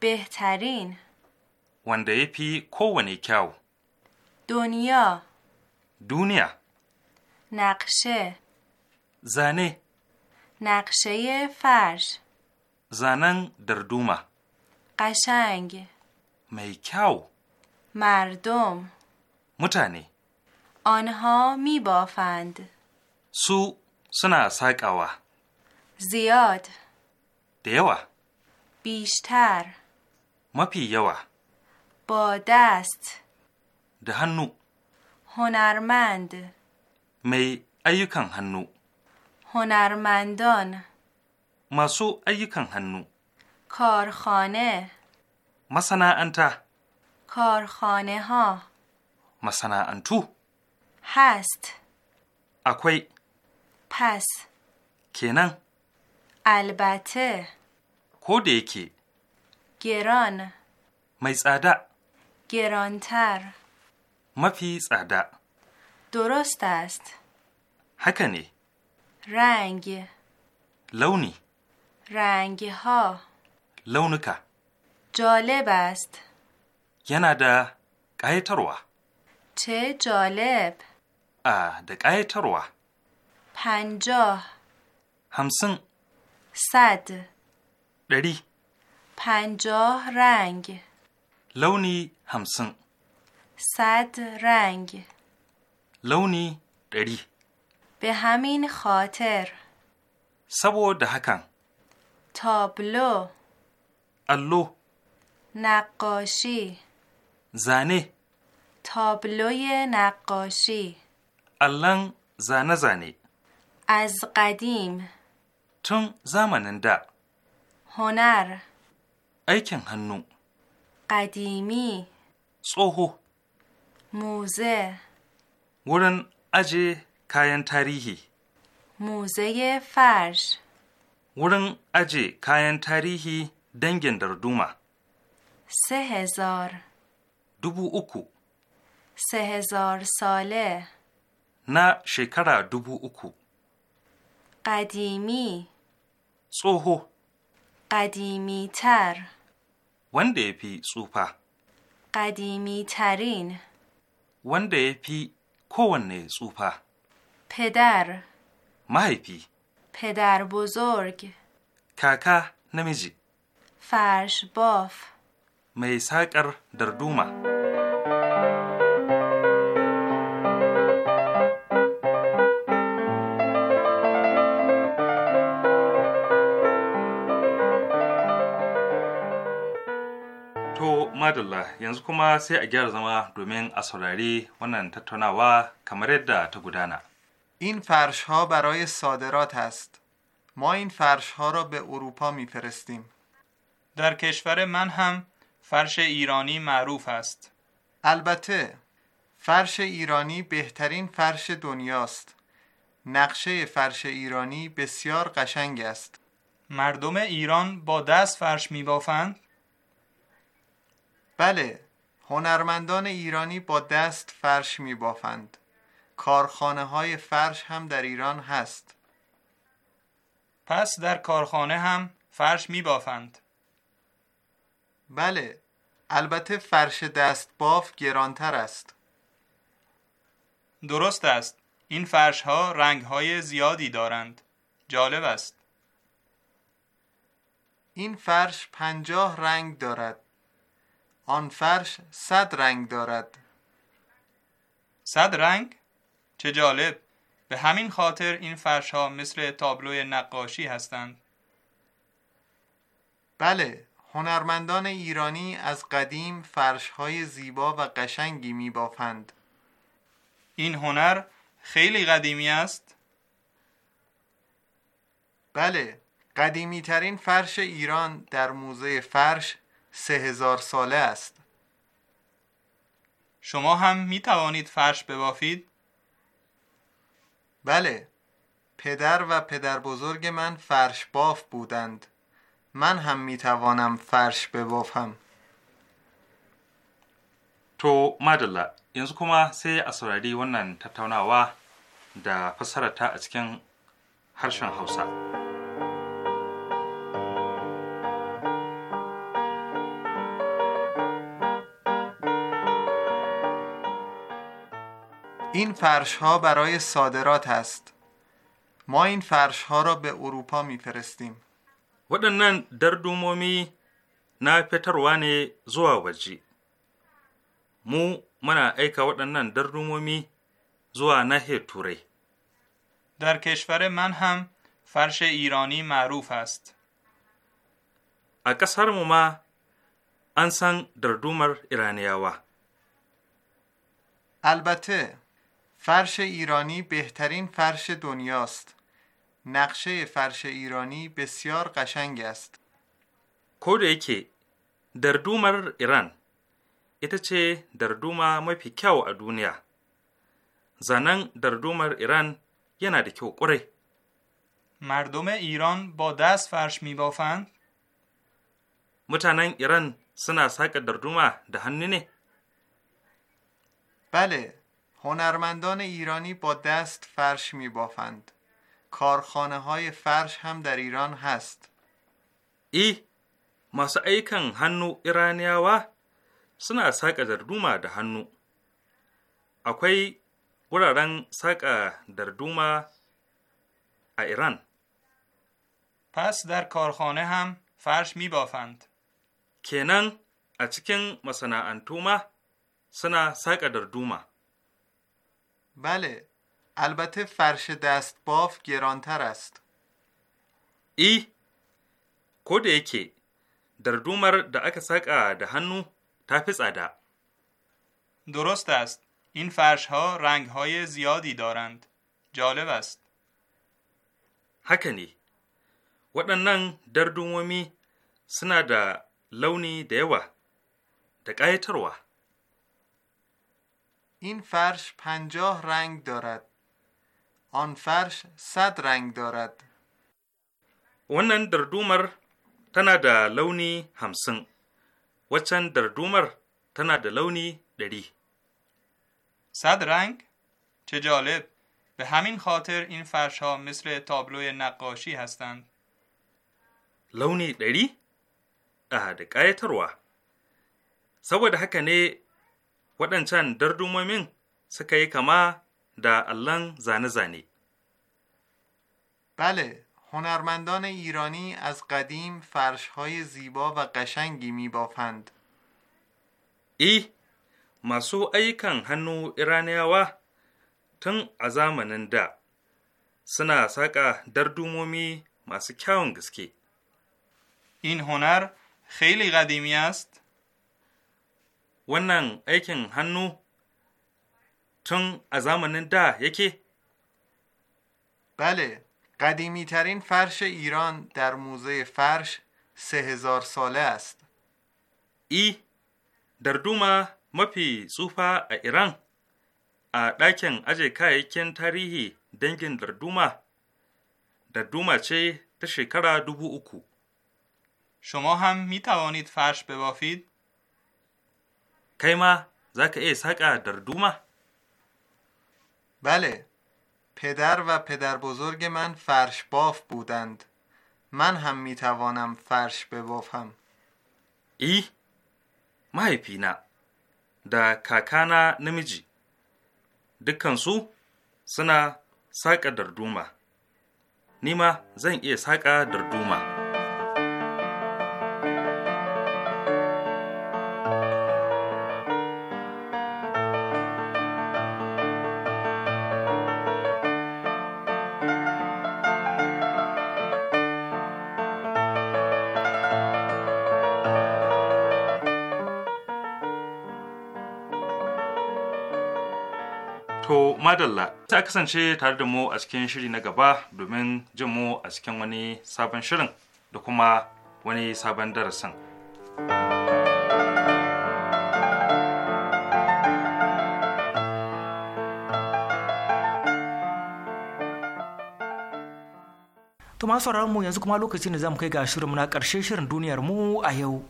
بهترین ونده پی کو کو دنیا دنیا نقشه زنه نقشه فرش زنن در دوما قشنگ میکو مردم متانی آنها می بافند سو سنا ساکاوا زیاد دیوا بیشتر مپی یوا با دست دهنو هنرمند می ایوکان هنو هنرمندان ماسو ایوکان هنو کارخانه مسنا انتا کارخانه ها مسنا انتو Past. Akwai. Pass. Kenan. Albate. Ko da yake. Geron. Mai tsada. Gerontar. Mafi tsada. Dorostast. Haka ne. Rangi. Launi. Rangi ha. Launuka. Jolebast. Yana da ƙayatarwa. Ce jolib. آ، رو پنجاه همسن صد دری پنجاه رنگ لونی همسن صد رنگ لونی ردی به همین خاطر سبو دهکن تابلو اللو نقاشی زنه تابلوی نقاشی Allan zane-zane. Az qadim. Tun zamanin da. Hunar. Aikin hannu. Ƙadimi. Tsoho. Muze. Wurin aje kayan tarihi. Muzeye Wurin aje kayan tarihi dangin darduma. Sehezar. Dubu uku. Sehezar sale. na shekara dubu uku. Ƙadimi. Tsoho. Ƙadimitar. Wanda ya fi tsufa. Ƙadimitarin. Wanda ya fi kowanne tsufa. Fedar. Mahaifi. Fedar Bozorg. Kaka namiji. Farsh Bof. Mai saƙar darduma. duma. yanzu kuma sai این فرش ها برای صادرات است. ما این فرش ها را به اروپا می در کشور من هم فرش ایرانی معروف است. البته فرش ایرانی بهترین فرش دنیاست. نقشه فرش ایرانی بسیار قشنگ است. مردم ایران با دست فرش می بافند؟ بله هنرمندان ایرانی با دست فرش می بافند کارخانه های فرش هم در ایران هست پس در کارخانه هم فرش می بافند بله البته فرش دست باف گرانتر است درست است این فرش ها رنگ های زیادی دارند جالب است این فرش پنجاه رنگ دارد آن فرش صد رنگ دارد صد رنگ؟ چه جالب به همین خاطر این فرش ها مثل تابلوی نقاشی هستند بله هنرمندان ایرانی از قدیم فرش های زیبا و قشنگی می بافند این هنر خیلی قدیمی است؟ بله قدیمی ترین فرش ایران در موزه فرش سه هزار ساله است شما هم می توانید فرش ببافید؟ بله پدر و پدر بزرگ من فرش باف بودند من هم می توانم فرش ببافم تو مدلا yanzu kuma sai a saurari wannan tattaunawa da از a cikin harshen Hausa. این فرش ها برای صادرات است ما این فرش ها را به اروپا می فرستیم ودنن در دومومی نا زوا وجی مو منا ایکا ودنن در زوا در کشور من هم فرش ایرانی معروف است. اکثر ما انسان در دومر ایرانی البته فرش ایرانی بهترین فرش دنیاست. نقشه فرش ایرانی بسیار قشنگ است. که در دومر ایران ایتچه چه مای mafi و دنیا duniya. در dardumar ایران yana da kyau قره مردم ایران با دست فرش می بافند؟ متنان ایران سنا ساک دردومه دوما هنو بله هنرمندان ایرانی با دست فرش می بافند. کارخانه های فرش هم در masu aikan hannu iraniyawa suna saƙa darduma da hannu akwai wuraren saƙa darduma a iran pas dar ham farsh mi kenan a cikin masana'antu ma suna saƙa darduma بله البته فرش دست باف گرانتر است ای ko da yake dardumar da aka saka da hannu ta fi درست است. این فرش ها رنگ های زیادی دارند. جالب است. haka ne. Waɗannan dardumomi suna da لونی da yawa da ƙayatarwa. این فرش پنجاه رنگ دارد آن فرش صد رنگ دارد wannan dardumar tana لونی launi hamsin در dardumar tana da لونی ɗari صد رنگ چه جالب به همین خاطر این فرش ها مثل تابلوی نقاشی هستند لونی ɗari a da ƙayatarwa saboda haka waɗancan dardumomin suka yi kama da allon zane-zane. بله، هنرمندان ایرانی از قدیم فرشهای زیبا و قشنگی می بافند. ای، masu ayyukan hannu Iraniyawa tun a zamanin da suna saƙa dardumomi masu kyawun gaske. این هنر خیلی قدیمی است. wannan aikin hannu tun a zamanin da yake? بله قدیمی ترین فرش ایران در موزه فرش سه هزار ساله است ای در دوما مفی صوفا ایران a ɗakin aje kayayyakin tarihi dangin darduma darduma ce ta shekara dubu uku. شما هم می توانید فرش ببافید؟ kai ma za ka iya saƙa darduma? بله پدر و پدر بزرگ من فرش باف بودند من هم می توانم فرش ببافم ای mahaifi da kakana namiji dukansu suna saƙa darduma nima zan iya saƙa darduma To madalla ta kasance tare da mu a cikin shiri na gaba domin jin mu a cikin wani sabon shirin da kuma wani sabon darasin. To masu mu yanzu kuma lokacin da zamu kai ga shirin na ƙarshe shirin duniyar mu a yau.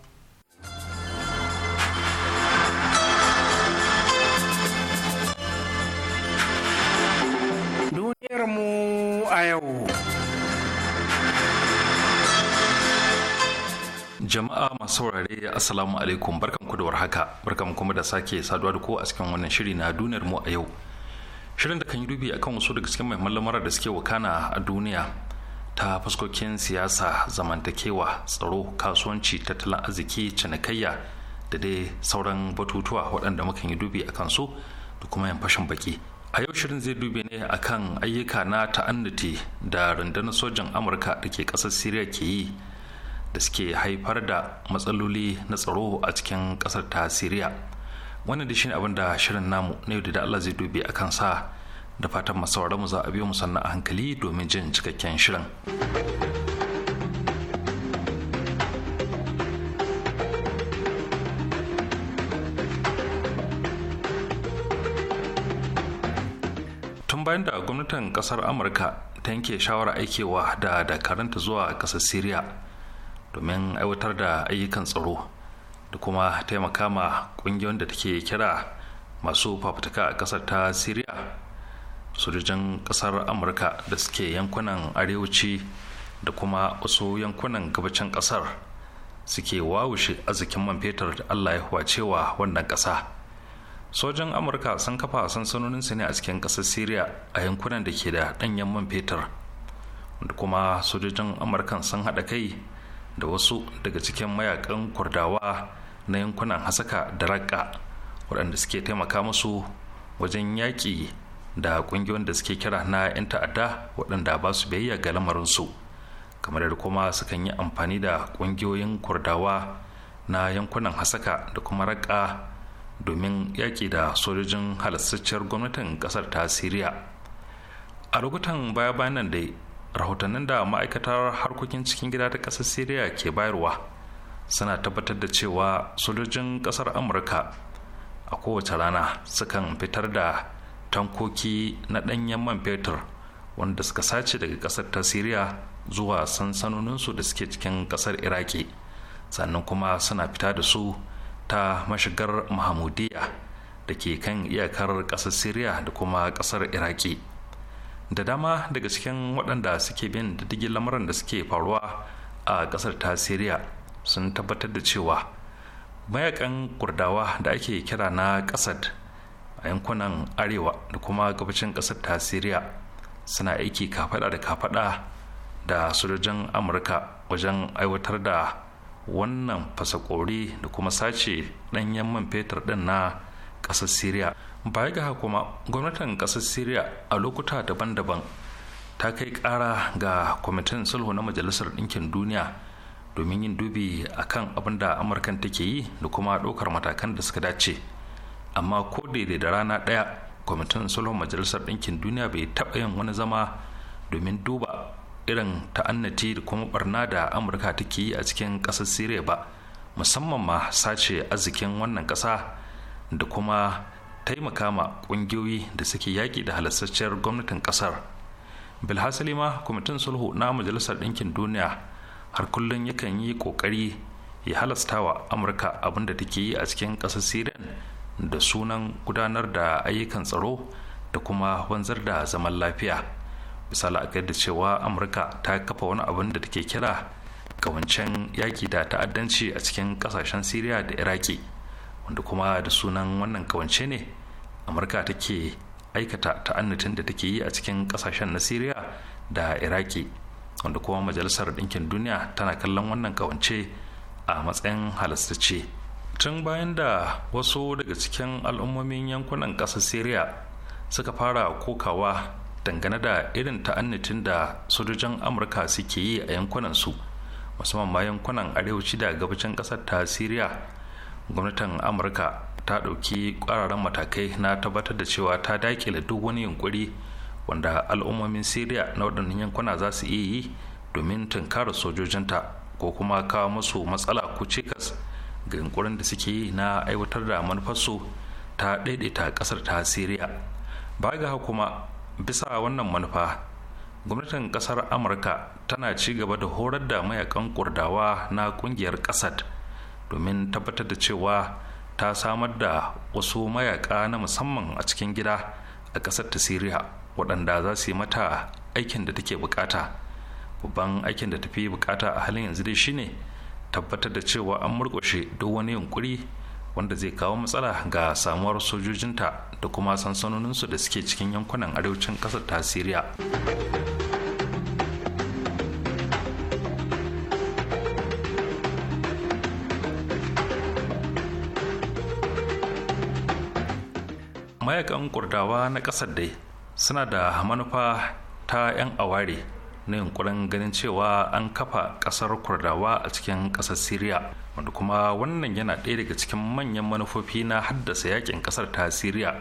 Jama'a masu saurare Assalamu alaikum barkan ku da warhaka barkan kuma da sake saduwa da ku a cikin wannan shiri na duniyar mu a yau. Shirin da kan yi dubi akan wasu daga cikin mahimman da suke wakana a duniya ta fuskokin siyasa, zamantakewa, tsaro, kasuwanci, tattalin arziki, cinikayya da dai sauran batutuwa waɗanda mukan yi dubi akan su da kuma yan fashin baki. a yau shirin zai dube ne akan ayyuka na ta'annati da rundunar sojan amurka da ke ƙasar siriya ke yi da suke haifar da matsaloli na tsaro a cikin kasar ta siriya wannan da shine abin da shirin namu na yau da allah zai dubi a sa da fatan masauraran mu za a biyo mu a hankali domin jin cikakken shirin tun bayan da gwamnatin kasar amurka ta yanke shawara aikewa da dakaranta zuwa kasar siriya domin aiwatar da ayyukan tsaro da kuma taimaka ma ƙungiyoyin da take kira masu fafutuka a ƙasar ta Siriya, sojojin ƙasar amurka da suke yankunan arewaci da kuma wasu yankunan gabacin ƙasar suke wawushe arzikin man fetur da allah ya cewa wannan ƙasa sojan amurka sun kafa su ne a cikin ƙasar Siriya a yankunan da ke da ɗanyen man fetur da kuma sojojin amurkan sun haɗa kai da wasu daga cikin mayakan kurdawa na yankunan hasaka da Raqqa, waɗanda suke taimaka musu wajen yaƙi da ƙungiyoyin da suke kira na 'yan ta'adda waɗanda ba su biyayya ga lamarinsu kamar da kuma sukan yi amfani da ƙungiyoyin kurdawa na yankunan hasaka da kuma Raqqa domin yaƙi da sojojin halastacciyar gwamnatin ƙasar ta siriya a lokutan baya-bayan nan dai rahotannin da ma'aikatar harkokin cikin gida ta ƙasar syria ke bayarwa suna tabbatar da cewa sojojin ƙasar amurka a kowace rana sukan fitar da tankoki na ɗanyen man fetur wanda suka sace daga ƙasar ta syria zuwa sansanoninsu da suke cikin ƙasar iraki sannan kuma suna fita da su ta mashigar mahamudiya da ke kan iyakar ƙasar syria da kuma ƙasar iraki da dama daga cikin waɗanda suke bin diddigin lamuran da suke faruwa a ƙasar ta siriya sun tabbatar da cewa mayakan kurdawa da ake kira na ƙasar a yankunan arewa da kuma gabacin ƙasar ta siriya suna aiki kafaɗa da kafaɗa da sojojin amurka wajen aiwatar da wannan fasakori da kuma sace ɗanyen man fetur ɗin na ƙasar siriya baya ga kuma gwamnatin ƙasar syria a lokuta daban-daban ta kai ƙara ga kwamitin sulhu na majalisar ɗinkin duniya domin yin dubi a kan abin da amurkan take yi da kuma ɗaukar matakan da suka dace amma ko daidai da rana ɗaya kwamitin sulhu majalisar ɗinkin duniya bai taɓa yin wani zama domin duba irin ta'annati da kuma barna da amurka take yi a cikin ƙasar siriya ba musamman ma sace arzikin wannan ƙasa da kuma taimaka ma ƙungiyoyi da suke yaƙi da halassacciyar gwamnatin ƙasar bilhassali ma kwamitin sulhu na majalisar ɗinkin duniya har kullum yakan yi ƙoƙari ya halasta wa amurka abin da take yi a cikin ƙasar sirin da sunan gudanar da ayyukan tsaro da kuma wanzar da zaman lafiya misali a da cewa amurka ta kafa wani abin da take kira kawancen yaƙi da ta'addanci a cikin ƙasashen siriya da iraki wanda kuma da sunan wannan kawance ne amurka take aikata ta'annatin da take yi a cikin kasashen na syria da iraki wanda kuma majalisar ɗinkin duniya tana kallon wannan kawance a matsayin halastace tun bayan da wasu daga cikin al'ummomin yankunan ƙasar syria suka fara kokawa dangane da irin ta'annitin da sojojin amurka suke yi a yankunan su musamman ma yankunan arewaci da gabacin kasar ta syria gwamnatin amurka ta ɗauki ƙwararren matakai na tabbatar da cewa ta daƙile duk wani yunkuri wanda al'ummomin syria na waɗannan yankuna za su iya yi domin tunkara sojojinta ko kuma kawo musu matsala ko cikas ga yunkurin da suke yi na aiwatar da manufarsu ta ɗaiɗaita ƙasar ta syria ba ga kuma bisa wannan manufa gwamnatin ƙasar amurka tana ci gaba da horar da mayakan kurdawa na ƙungiyar ƙasar domin tabbatar da cewa ta samar da wasu mayaka na musamman a cikin gida a ƙasar ta siriya waɗanda za su yi mata aikin da take bukata babban aikin da tafi bukata a halin yanzu dai shine tabbatar da cewa an murƙushe duk wani yunkuri wanda zai kawo matsala ga samuwar sojojinta da kuma sansanoninsu da suke cikin yankunan arewacin ƙasar ta siriya mayakan kurdawa na ƙasar dai suna da manufa ta 'yan aware na yunkurin ganin cewa an kafa ƙasar kurdawa a cikin ƙasar syria wanda kuma wannan yana ɗaya daga cikin manyan manufofi na haddasa yakin ƙasar ta syria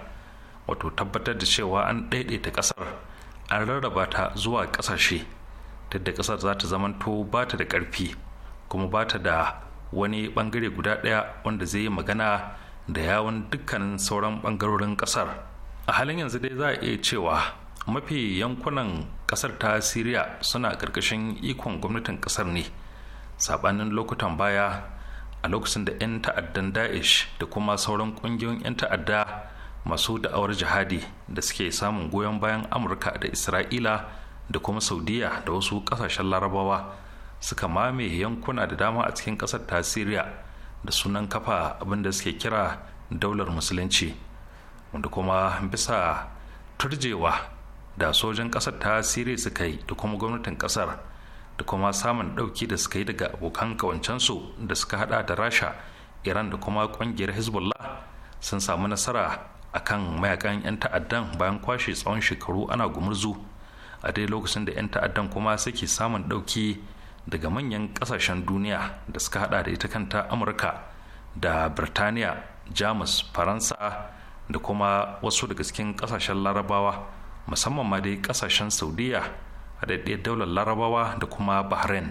wato tabbatar da cewa an ɗaiɗaita ƙasar an rarraba ta zuwa ƙasashe ta da ƙasar za ta zamanto ba ta da ƙarfi kuma ba ta da wani ɓangare guda ɗaya wanda zai yi magana da yawon dukkanin sauran bangarorin kasar a halin yanzu dai za a iya cewa mafi yankunan kasar ta siriya suna ƙarƙashin ikon gwamnatin kasar ne sabanin lokutan baya a lokacin da 'yan ta'addan daesh da kuma sauran ƙungiyoyin 'yan ta'adda masu da'awar jihadi da suke samun goyon bayan amurka da isra'ila da kuma saudiya da wasu ƙasashen larabawa suka mame yankuna da dama a cikin ƙasar ta siriya da sunan kafa abin suke kira daular musulunci wanda kuma bisa turjewa da sojan ƙasar ta sire suka yi da kuma gwamnatin ƙasar da kuma samun ɗauki da suka yi daga abokan kawancensu da suka hada da rasha iran da kuma ƙungiyar hezbollah sun samu nasara a kan mayakan 'yan ta'addan bayan kwashe tsawon shekaru ana gumurzu a dai lokacin da 'yan ta'addan kuma suke samun ɗauki daga manyan kasashen duniya da suka hada da ita kanta amurka da birtaniya jamus faransa da kuma wasu daga cikin kasashen larabawa musamman ma dai kasashen saudiya a daidai daular larabawa da kuma bahrain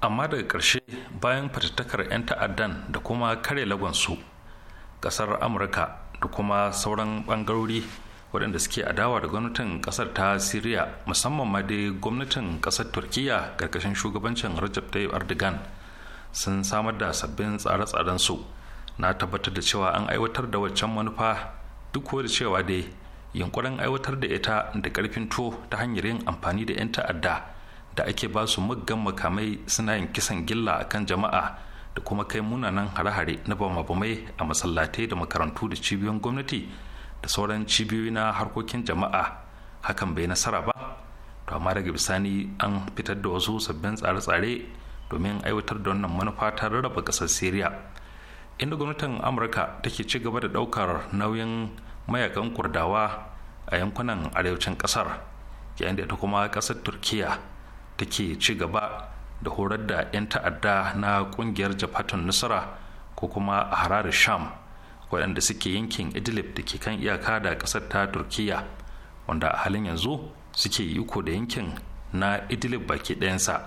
amma daga ƙarshe bayan fatattakar 'yan ta'addan da kuma kare lagonsu ƙasar amurka da kuma sauran ɓangarori waɗanda suke adawa da gwamnatin ƙasar ta siriya musamman ma dai gwamnatin ƙasar turkiyya karkashin shugabancin rajab tayyip erdogan sun samar da sabbin tsare-tsaren su na tabbatar da cewa an aiwatar da waccan manufa duk da cewa dai yunkurin aiwatar da ita da karfin to ta hanyar yin amfani da 'yan ta'adda da ake ba su muggan makamai suna yin kisan gilla a kan jama'a da kuma kai munanan hare-hare na bama-bamai a masallatai da makarantu da cibiyoyin gwamnati da sauran cibiyoyi na harkokin jama'a hakan bai nasara ba to amma daga bisani an fitar da wasu sabbin tsare-tsare domin aiwatar da wannan manufa ta rarraba ƙasar syria inda gwamnatin amurka take ci gaba da ɗaukar nauyin mayakan kurdawa a yankunan arewacin ƙasar yayin da ita kuma ƙasar turkiya take ci gaba da horar da 'yan ta'adda na ƙungiyar jafatun nusra ko kuma a hararar sham waɗanda suke yankin idlib da ke kan iyaka da ƙasar ta turkiya wanda a halin yanzu suke yi iko da yankin na idlib baki ɗayansa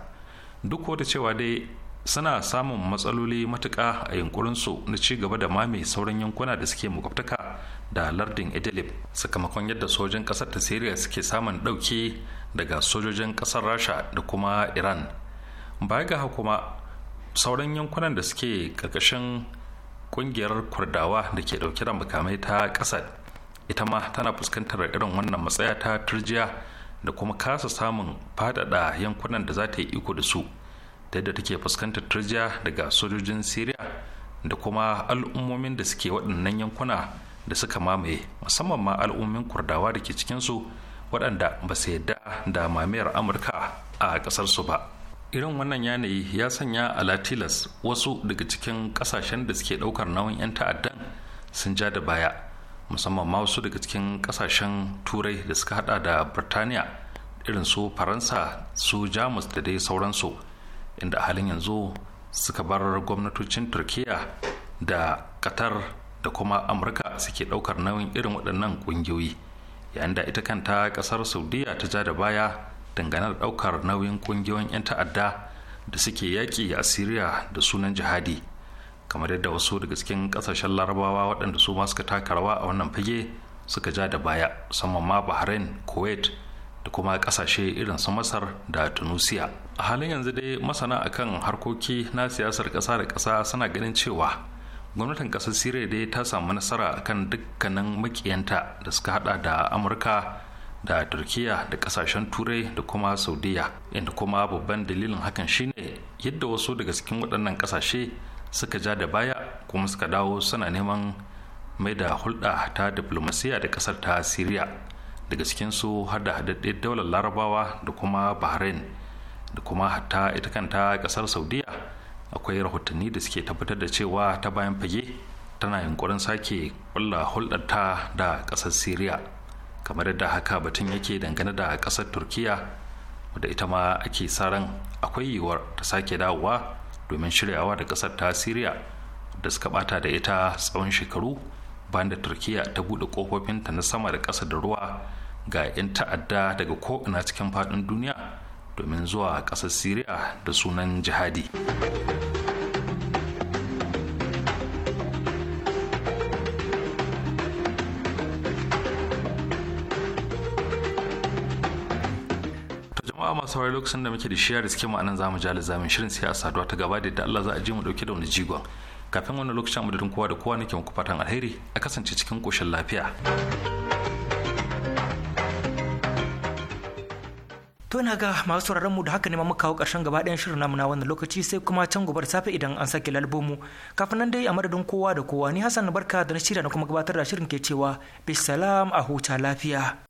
duk wata cewa dai suna samun matsaloli matuƙa a yunkurinsu na ci gaba da mame sauran yankuna da suke makwabtaka da lardin idlib sakamakon yadda sojin ƙasar ta siriya suke samun ɗauke daga sojojin ƙasar rasha da kuma iran baya ga kuma sauran yankunan da suke ƙarƙashin kungiyar kurdawa da ke dauke da makamai ta kasar ita ma tana fuskantar irin wannan matsaya ta turjiya da kuma kasa samun fadada yankunan da za ta yi iko da su da yadda take fuskantar turjiya daga sojojin syria da kuma al'ummomin da suke waɗannan yankuna da suka mamaye musamman ma al'ummin kurdawa da ke cikinsu waɗanda ba su yadda da mamayar amurka a ƙasarsu ba irin wannan yanayi ya sanya a alatilas wasu daga cikin kasashen da suke daukar nauyin 'yan ta'addan sun ja da baya musamman ma wasu daga cikin kasashen turai da suka hada da birtaniya irin su faransa su jamus da dai sauransu inda halin yanzu suka bar gwamnatocin turkiya da qatar da kuma amurka suke daukar nauyin irin waɗannan ƙungiyoyi yayin da ita kanta ƙasar saudiya ta ja da baya dangane da ɗaukar nauyin ƙungiyoyin 'yan ta'adda da suke yaƙi a siriya da sunan jihadi kamar yadda wasu daga cikin ƙasashen larabawa waɗanda su ma suka taka rawa a wannan fage suka ja da baya musamman ma bahrain kuwait da kuma ƙasashe irin su masar da tunisia a halin yanzu dai masana akan harkoki na siyasar ƙasa da ƙasa suna ganin cewa gwamnatin ƙasar siriya dai ta samu nasara akan dukkanin makiyanta da suka hada da amurka da turkiya da kasashen turai da kuma saudiya inda kuma babban dalilin hakan shine yadda wasu daga cikin waɗannan kasashe suka ja da baya kuma suka dawo suna neman mai da hulɗa ta diplomasiya da ƙasar ta siriya daga cikinsu har da haɗaɗɗe daular larabawa da kuma bahrain da kuma hatta ita kanta ƙasar saudiya akwai rahotanni da suke tabbatar da cewa ta bayan fage tana yunkurin sake ƙulla ta da ƙasar siriya kamar yadda haka batun yake dangane da ƙasar turkiya wadda ita ma ake sa ran akwai yiwuwar ta sake dawowa domin shiryawa da ƙasar ta siriya da suka bata da ita tsawon shekaru bayan da turkiya ta buɗe kofofinta na sama da ƙasa da ruwa ga 'yan ta'adda daga ko'ina cikin faɗin duniya domin zuwa ƙasar siriya da sunan jihadi. saurari lokacin da muke da shiya da suke ma'anan zamu ji alizamin shirin siyasa a saduwa ta gaba da yadda Allah za a je mu dauke da wani jigon kafin wannan lokacin da kowa da kowa nake muku fatan alheri a kasance cikin koshin lafiya. To na ga masu sauraron mu da haka ne ma muka kawo ƙarshen gaba ɗayan shirin namu na wannan lokaci sai kuma can gobar safe idan an sake lalbomu. Kafin nan dai a madadin kowa da kowa ni Hassan barka da na shirya na kuma gabatar da shirin ke cewa bisalam a huta lafiya.